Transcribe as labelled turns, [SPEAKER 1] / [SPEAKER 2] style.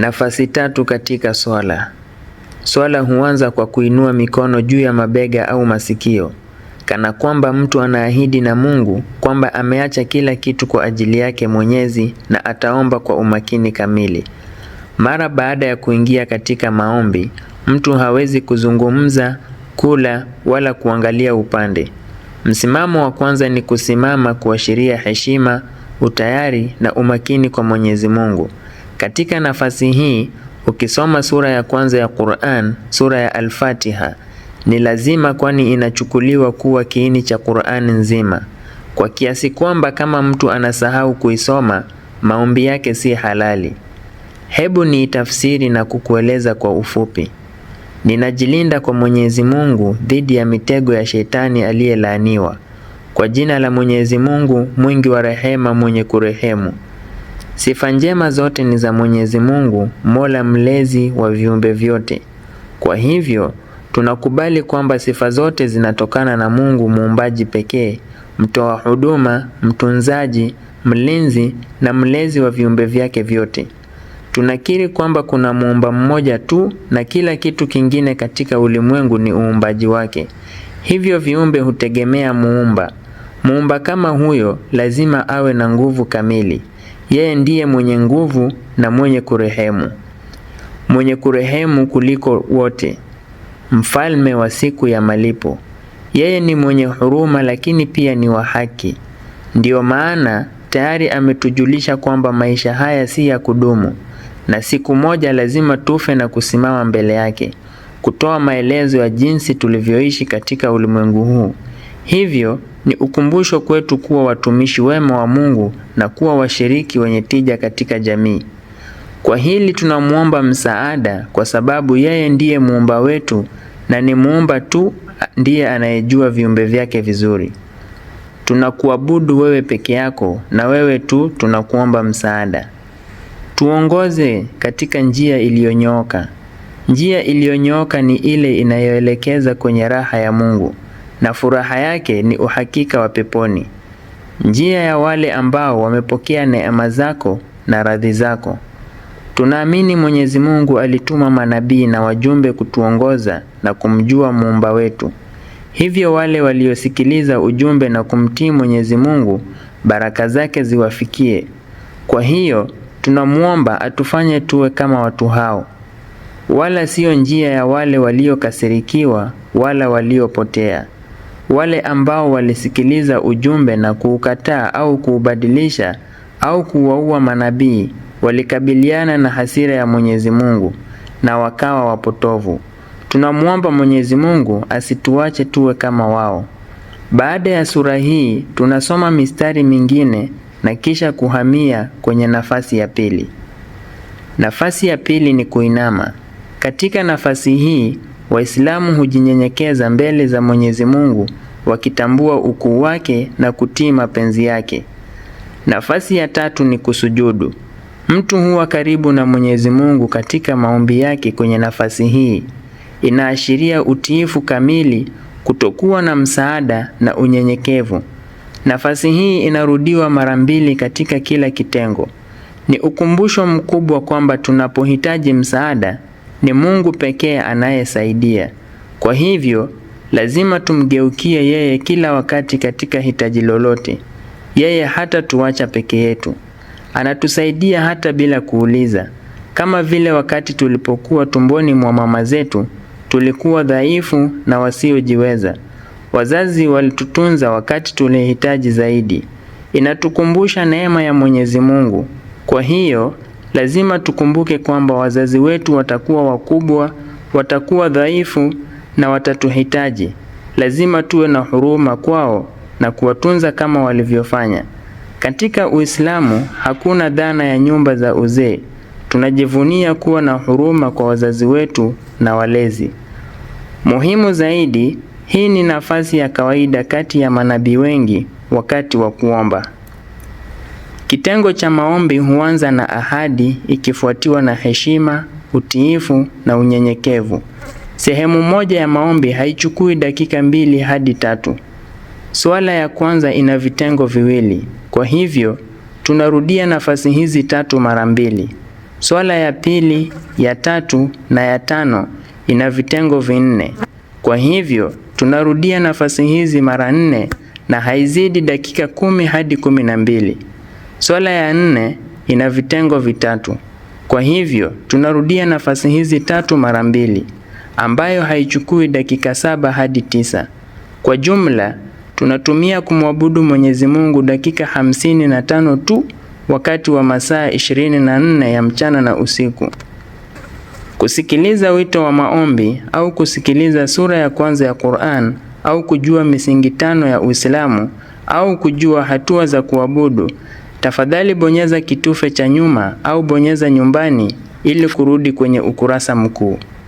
[SPEAKER 1] Nafasi tatu katika swala. Swala huanza kwa kuinua mikono juu ya mabega au masikio, kana kwamba mtu anaahidi na Mungu kwamba ameacha kila kitu kwa ajili yake Mwenyezi na ataomba kwa umakini kamili. Mara baada ya kuingia katika maombi, mtu hawezi kuzungumza, kula wala kuangalia upande. Msimamo wa kwanza ni kusimama kuashiria heshima, utayari na umakini kwa Mwenyezi Mungu. Katika nafasi hii ukisoma sura ya kwanza ya Qur'an, sura ya Al-Fatiha ni lazima, kwani inachukuliwa kuwa kiini cha Qur'an nzima, kwa kiasi kwamba kama mtu anasahau kuisoma maombi yake si halali. Hebu ni tafsiri na kukueleza kwa ufupi. Ninajilinda kwa Mwenyezi Mungu dhidi ya mitego ya shetani aliyelaaniwa. Kwa jina la Mwenyezi Mungu mwingi wa rehema, mwenye kurehemu. Sifa njema zote ni za Mwenyezi Mungu, Mola mlezi wa viumbe vyote. Kwa hivyo tunakubali kwamba sifa zote zinatokana na Mungu muumbaji pekee, mtoa huduma, mtunzaji, mlinzi na mlezi wa viumbe vyake vyote. Tunakiri kwamba kuna muumba mmoja tu na kila kitu kingine katika ulimwengu ni uumbaji wake. Hivyo viumbe hutegemea muumba. Muumba kama huyo lazima awe na nguvu kamili. Yeye ndiye mwenye nguvu na mwenye kurehemu, mwenye kurehemu kuliko wote, mfalme wa siku ya malipo. Yeye ni mwenye huruma, lakini pia ni wa haki. Ndiyo maana tayari ametujulisha kwamba maisha haya si ya kudumu na siku moja lazima tufe na kusimama mbele yake, kutoa maelezo ya jinsi tulivyoishi katika ulimwengu huu. Hivyo ni ukumbusho kwetu kuwa watumishi wema wa Mungu na kuwa washiriki wenye tija katika jamii. Kwa hili tunamwomba msaada kwa sababu yeye ndiye muumba wetu na ni muumba tu ndiye anayejua viumbe vyake vizuri. Tunakuabudu wewe peke yako na wewe tu tunakuomba msaada. Tuongoze katika njia iliyonyooka. Njia iliyonyooka ni ile inayoelekeza kwenye raha ya Mungu na furaha yake ni uhakika wa peponi. Njia ya wale ambao wamepokea neema zako na radhi zako. Tunaamini Mwenyezi Mungu alituma manabii na wajumbe kutuongoza na kumjua muumba wetu. Hivyo wale waliosikiliza ujumbe na kumtii Mwenyezi Mungu, baraka zake ziwafikie. Kwa hiyo tunamwomba atufanye tuwe kama watu hao, wala siyo njia ya wale waliokasirikiwa wala waliopotea. Wale ambao walisikiliza ujumbe na kuukataa au kuubadilisha au kuwaua manabii walikabiliana na hasira ya Mwenyezi Mungu na wakawa wapotovu. Tunamwomba Mwenyezi Mungu asituache tuwe kama wao. Baada ya sura hii tunasoma mistari mingine na kisha kuhamia kwenye nafasi ya pili. Nafasi ya pili ni kuinama. Katika nafasi hii Waislamu hujinyenyekeza mbele za Mwenyezi Mungu wakitambua ukuu wake na kutii mapenzi yake. Nafasi ya tatu ni kusujudu. Mtu huwa karibu na Mwenyezi Mungu katika maombi yake. Kwenye nafasi hii inaashiria utiifu kamili, kutokuwa na msaada na unyenyekevu. Nafasi hii inarudiwa mara mbili katika kila kitengo. Ni ukumbusho mkubwa kwamba tunapohitaji msaada ni Mungu pekee anayesaidia. Kwa hivyo, lazima tumgeukie yeye kila wakati katika hitaji lolote. Yeye hata tuacha peke yetu. Anatusaidia hata bila kuuliza. Kama vile wakati tulipokuwa tumboni mwa mama zetu, tulikuwa dhaifu na wasiojiweza. Wazazi walitutunza wakati tulihitaji zaidi. Inatukumbusha neema ya Mwenyezi Mungu. Kwa hiyo Lazima tukumbuke kwamba wazazi wetu watakuwa wakubwa, watakuwa dhaifu na watatuhitaji. Lazima tuwe na huruma kwao na kuwatunza kama walivyofanya. Katika Uislamu hakuna dhana ya nyumba za uzee. Tunajivunia kuwa na huruma kwa wazazi wetu na walezi. Muhimu zaidi, hii ni nafasi ya kawaida kati ya manabii wengi wakati wa kuomba. Kitengo cha maombi huanza na ahadi ikifuatiwa na heshima, utiifu na unyenyekevu. Sehemu moja ya maombi haichukui dakika mbili hadi tatu. swala ya kwanza ina vitengo viwili, kwa hivyo tunarudia nafasi hizi tatu mara mbili. swala ya pili, ya tatu na ya tano ina vitengo vinne, kwa hivyo tunarudia nafasi hizi mara nne na haizidi dakika kumi hadi kumi na mbili. Swala ya nne ina vitengo vitatu. Kwa hivyo tunarudia nafasi hizi tatu mara mbili ambayo haichukui dakika saba hadi tisa. Kwa jumla tunatumia kumwabudu Mwenyezi Mungu dakika hamsini na tano tu wakati wa masaa ishirini na nne ya mchana na usiku. Kusikiliza wito wa maombi au kusikiliza sura ya kwanza ya Qur'an au kujua misingi tano ya Uislamu au kujua hatua za kuabudu Tafadhali bonyeza kitufe cha nyuma au bonyeza nyumbani ili kurudi kwenye ukurasa mkuu.